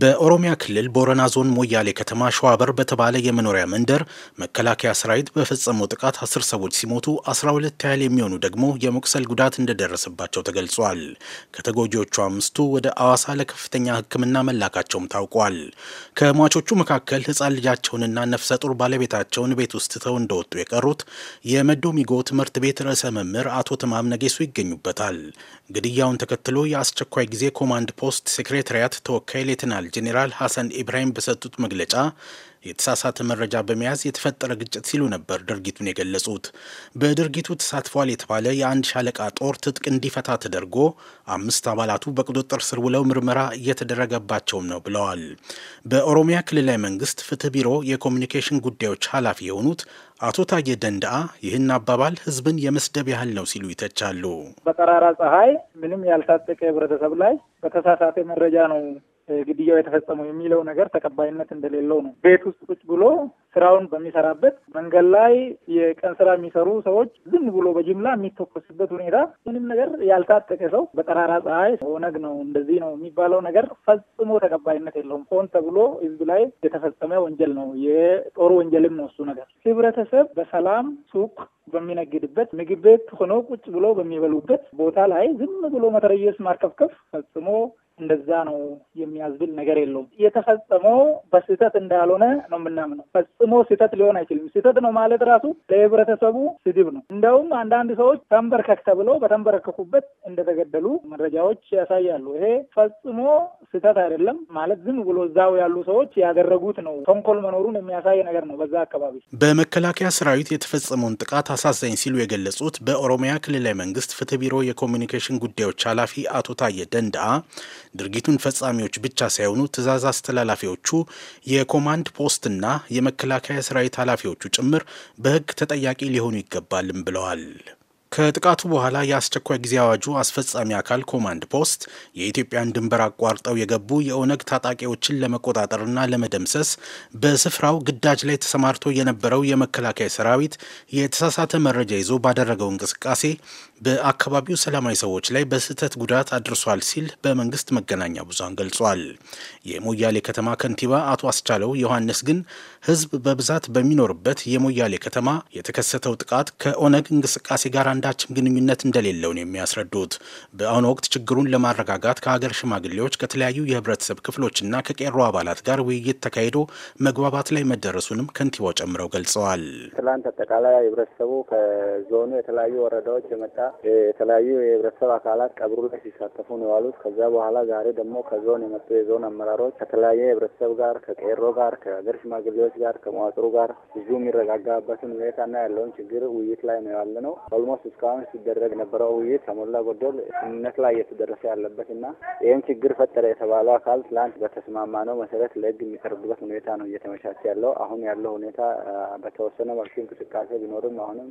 በኦሮሚያ ክልል ቦረና ዞን ሞያሌ ከተማ ሸዋበር በተባለ የመኖሪያ መንደር መከላከያ ሰራዊት በፈጸመው ጥቃት አስር ሰዎች ሲሞቱ አስራ ሁለት ያህል የሚሆኑ ደግሞ የመቁሰል ጉዳት እንደደረሰባቸው ተገልጿል። ከተጎጂዎቹ አምስቱ ወደ አዋሳ ለከፍተኛ ሕክምና መላካቸውም ታውቋል። ከሟቾቹ መካከል ህፃን ልጃቸውንና ነፍሰ ጡር ባለቤታቸውን ቤት ውስጥ ትተው እንደወጡ የቀሩት የመዶሚጎ ትምህርት ቤት ርዕሰ መምህር አቶ ትማም ነጌሱ ይገኙበታል። ግድያውን ተከትሎ የአስቸኳይ ጊዜ ኮማንድ ፖስት ሴክሬታሪያት ተወካይ ሌትና ጀነራል ጄኔራል ሐሰን ኢብራሂም በሰጡት መግለጫ የተሳሳተ መረጃ በመያዝ የተፈጠረ ግጭት ሲሉ ነበር ድርጊቱን የገለጹት። በድርጊቱ ተሳትፏል የተባለ የአንድ ሻለቃ ጦር ትጥቅ እንዲፈታ ተደርጎ አምስት አባላቱ በቁጥጥር ስር ውለው ምርመራ እየተደረገባቸውም ነው ብለዋል። በኦሮሚያ ክልላዊ መንግስት ፍትህ ቢሮ የኮሚኒኬሽን ጉዳዮች ኃላፊ የሆኑት አቶ ታዬ ደንዳአ ይህን አባባል ህዝብን የመስደብ ያህል ነው ሲሉ ይተቻሉ። በጠራራ ፀሐይ ምንም ያልታጠቀ ህብረተሰብ ላይ በተሳሳተ መረጃ ነው ግድያው የተፈጸመው የሚለው ነገር ተቀባይነት እንደሌለው ነው። ቤት ውስጥ ቁጭ ብሎ ስራውን በሚሰራበት መንገድ ላይ የቀን ስራ የሚሰሩ ሰዎች ዝም ብሎ በጅምላ የሚተኮስበት ሁኔታ ምንም ነገር ያልታጠቀ ሰው በጠራራ ፀሐይ ኦነግ ነው እንደዚህ ነው የሚባለው ነገር ፈጽሞ ተቀባይነት የለውም። ሆን ተብሎ ህዝብ ላይ የተፈጸመ ወንጀል ነው። የጦር ወንጀልም ነው እሱ ነገር ህብረተሰብ በሰላም ሱቅ በሚነግድበት ምግብ ቤት ሆኖ ቁጭ ብሎ በሚበሉበት ቦታ ላይ ዝም ብሎ መተረየስ ማርከፍከፍ ፈጽሞ እንደዛ ነው የሚያዝብል ነገር የለውም። የተፈጸመው በስህተት እንዳልሆነ ነው የምናምነው። ፈጽሞ ስህተት ሊሆን አይችልም። ስህተት ነው ማለት ራሱ ለህብረተሰቡ ስድብ ነው። እንደውም አንዳንድ ሰዎች ተንበርከክ ተብለው በተንበረከኩበት እንደተገደሉ መረጃዎች ያሳያሉ። ይሄ ፈጽሞ ስህተት አይደለም ማለት ዝም ብሎ እዛው ያሉ ሰዎች ያደረጉት ነው። ተንኮል መኖሩን የሚያሳይ ነገር ነው። በዛ አካባቢ በመከላከያ ሰራዊት የተፈጸመውን ጥቃት አሳዛኝ ሲሉ የገለጹት በኦሮሚያ ክልላዊ መንግስት ፍትህ ቢሮ የኮሚኒኬሽን ጉዳዮች ኃላፊ አቶ ታየ ደንዳአ ድርጊቱን ፈጻሚዎች ብቻ ሳይሆኑ ትእዛዝ አስተላላፊዎቹ የኮማንድ ፖስትና የመከላከያ ሰራዊት ኃላፊዎቹ ጭምር በህግ ተጠያቂ ሊሆኑ ይገባልም ብለዋል። ከጥቃቱ በኋላ የአስቸኳይ ጊዜ አዋጁ አስፈጻሚ አካል ኮማንድ ፖስት የኢትዮጵያን ድንበር አቋርጠው የገቡ የኦነግ ታጣቂዎችን ለመቆጣጠርና ለመደምሰስ በስፍራው ግዳጅ ላይ ተሰማርቶ የነበረው የመከላከያ ሰራዊት የተሳሳተ መረጃ ይዞ ባደረገው እንቅስቃሴ በአካባቢው ሰላማዊ ሰዎች ላይ በስህተት ጉዳት አድርሷል ሲል በመንግስት መገናኛ ብዙሃን ገልጿል። የሞያሌ ከተማ ከንቲባ አቶ አስቻለው ዮሐንስ ግን ህዝብ በብዛት በሚኖርበት የሞያሌ ከተማ የተከሰተው ጥቃት ከኦነግ እንቅስቃሴ ጋር አንዳችም ግንኙነት እንደሌለው ነው የሚያስረዱት። በአሁኑ ወቅት ችግሩን ለማረጋጋት ከሀገር ሽማግሌዎች፣ ከተለያዩ የህብረተሰብ ክፍሎችና ከቄሮ አባላት ጋር ውይይት ተካሂዶ መግባባት ላይ መደረሱንም ከንቲባው ጨምረው ገልጸዋል። ትላንት አጠቃላይ ህብረተሰቡ ከዞኑ የተለያዩ ወረዳዎች የመጣ የተለያዩ የህብረተሰብ አካላት ቀብሩ ላይ ሲሳተፉ ነው የዋሉት። ከዛ በኋላ ዛሬ ደግሞ ከዞን የመጡ የዞን አመራሮች ከተለያየ ህብረተሰብ ጋር ከቄሮ ጋር ከሀገር ሽማግሌዎች ጋር ከመዋቅሩ ጋር ብዙ የሚረጋጋበትን ሁኔታና ያለውን ችግር ውይይት ላይ ነው ያለ ነው። ኦልሞስት እስካሁን ሲደረግ ነበረው ውይይት ከሞላ ጎደል ስምምነት ላይ እየተደረሰ ያለበት እና ይህም ችግር ፈጠረ የተባለው አካል ትላንት በተስማማ ነው መሰረት ለህግ የሚቀርብበት ሁኔታ ነው እየተመቻቸ ያለው። አሁን ያለው ሁኔታ በተወሰነ መልኩ እንቅስቃሴ ቢኖርም አሁንም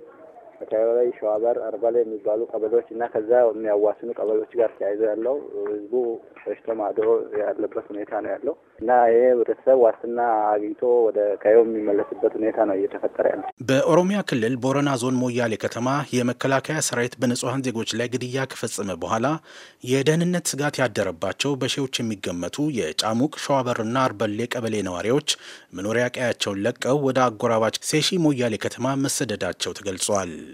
መተባበይ፣ ሸዋበር፣ አርባላ የሚባሉ ቀበሌዎች እና ከዛ የሚያዋስኑ ቀበሌዎች ጋር ተያይዞ ያለው ህዝቡ ሸሽቶ ማዶ ያለበት ሁኔታ ነው ያለው እና ይህ ህብረተሰብ ዋስትና አግኝቶ ወደ ቀዬው የሚመለስበት ሁኔታ ነው እየተፈጠረ ያለው። በኦሮሚያ ክልል ቦረና ዞን ሞያሌ ከተማ የመከላከያ ሰራዊት በንጹሐን ዜጎች ላይ ግድያ ከፈጸመ በኋላ የደህንነት ስጋት ያደረባቸው በሺዎች የሚገመቱ የጫሙቅ ሸዋበርና አርበሌ ቀበሌ ነዋሪዎች መኖሪያ ቀያቸውን ለቀው ወደ አጎራባች ሴሺ ሞያሌ ከተማ መሰደዳቸው ተገልጿል።